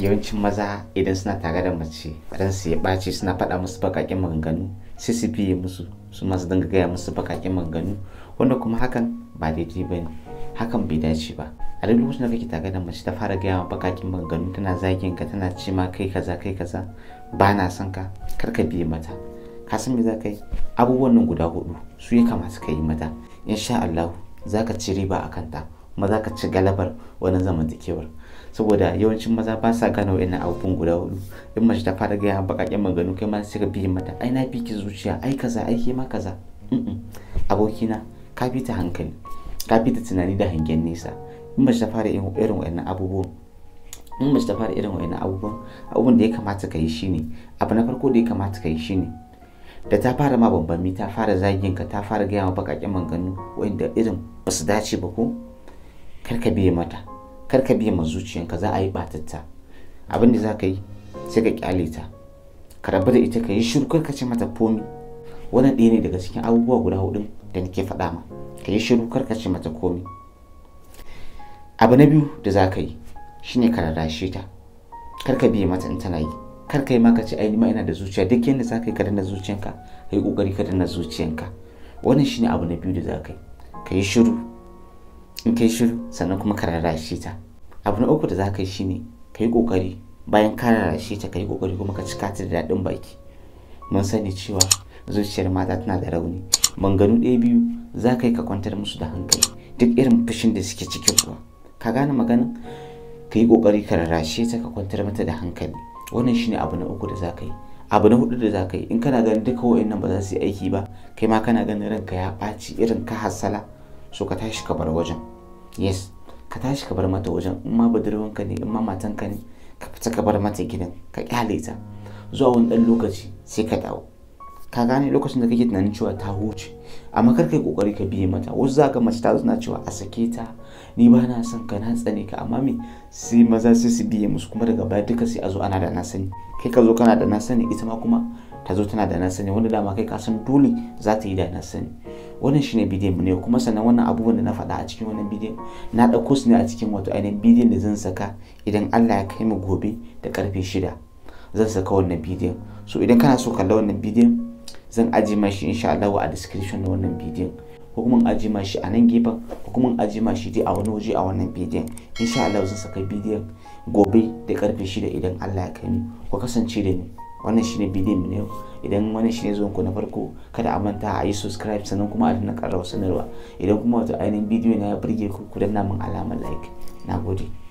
yawancin maza idan suna tare da mace su ya ɓaci suna faɗa musu bakaƙen maganganu sai su biye musu su masu dinga gaya musu bakaƙen maganganu wanda kuma hakan ba daidai ba ne hakan bai dace ba a duk lokacin da kake tare da mace ta fara gaya ma bakaƙen maganganu tana zagin ka tana ce ma kai kaza kai kaza ba na son ka kar ka biye mata ka san me za ka yi abubuwan nan guda hudu su ya kamata ka yi mata insha Allah za ka ci riba a kanta kuma za ka ci galabar wani zamantakewar saboda yawancin maza ba sa gane wa'annan abubuwan guda hudu in mace ta fara gaya bakakken maganu kai ma sai ka bi mata ai na fi ki zuciya ai kaza ai ke ma kaza abokina ka fi ta hankali ka fi ta tunani da hangen nesa in mace ta fara irin wa'annan abubuwan in mace ta fara irin wa'annan abubuwan abubuwan da ya kamata ka yi shine abu na farko da ya kamata ka yi shine da ta fara ma bambami ta fara zagin ka ta fara gaya ma bakakken maganganu wa'anda irin ba su dace ba ko kar ka biye mata kar ka biya ma zuciyanka za a yi batatta abin da za ka yi sai ka kyale ta ka rabu da ita ka yi shiru kar ka ce mata komi wannan ɗaya ne daga cikin abubuwa guda hudu da nake faɗa ma ka yi shiru kar ka ce mata komi abu na biyu da za ka yi shine ka rarrashe ta kar ka biya mata in tana yi kar ka yi ma ka ce ai ma ina da zuciya duk yadda za ka yi ka danna zuciyanka ka yi kokari ka danna zuciyanka wannan shine abu na biyu da za ka yi ka yi shiru in kai shiru sannan kuma ka rarrashe ta abu na uku da za ka yi shine ka yi ƙoƙari bayan ka rarrashe ta ka yi ƙoƙari kuma ka cika ta da daɗin baki mun sani cewa zuciyar mata tana da rauni manganu ɗaya biyu za ka yi ka kwantar musu da hankali duk irin fushin da suke cikin kuwa ka gane maganin ka yi ƙoƙari ka rarrashe ta ka kwantar mata da hankali wannan shine abu na uku da za ka yi abu na hudu da za ka yi in kana ganin duka nan ba za su yi aiki ba kai ma kana ganin ranka ya ɓaci irin ka hasala so ka tashi ka bar wajen yes ka tashi ka bar mata wajen in ma budurwanka ne in ma ka ne ka fita ka bar mata gidan ka kyale ta zuwa wani dan lokaci sai ka dawo ka gane lokacin da kake tunanin cewa ta huce amma kar kai kokari ka biye mata wasu za ka mace ta zuna cewa a sake ta ni ba na son ka na tsane ka amma me sai maza sai su biye musu kuma daga baya duka sai a zo ana da na sani kai ka zo kana da na sani ita ma kuma ta zo tana da na sani wanda dama kai ka san dole za ta yi da na sani wannan shine bidiyon mu ne kuma sannan wannan abubuwan da na faɗa a cikin wannan bidiyon na ɗauko su ne a cikin wato ainihin bidiyon da zan saka idan Allah ya kai mu gobe da karfe shida zan saka wannan bidiyon so idan kana so kalla wannan bidiyon zan ajiye mashi insha Allah a description na wannan bidiyon ko kuma aje mashi a nan gefen ko kuma aje mashi dai a wani waje a wannan bidiyon insha Allah zan saka bidiyon gobe da karfe shida idan Allah ya kai ni ku kasance da ni wannan shine bidiyon mu ne idan wannan shine zuwan ku na farko kada a manta a yi subscribe sannan kuma a danna karrawa sanarwa idan kuma wato ainihin bidiyo na ya burge ku ku danna min alamar like nagode